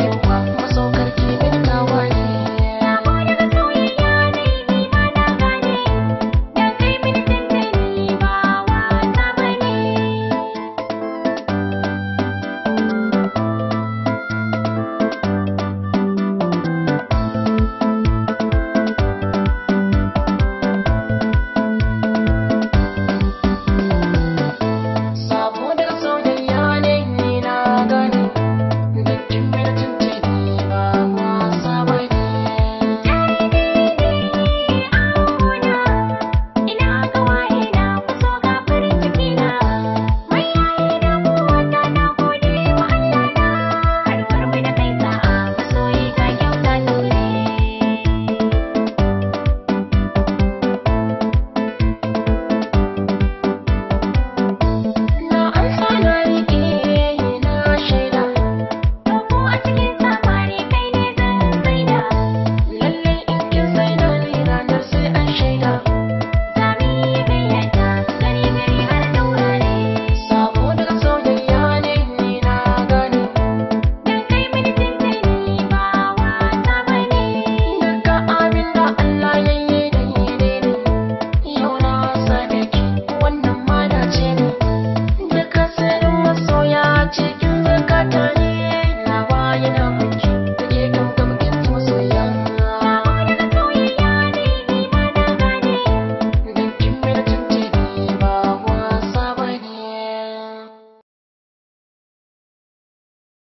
Eu eu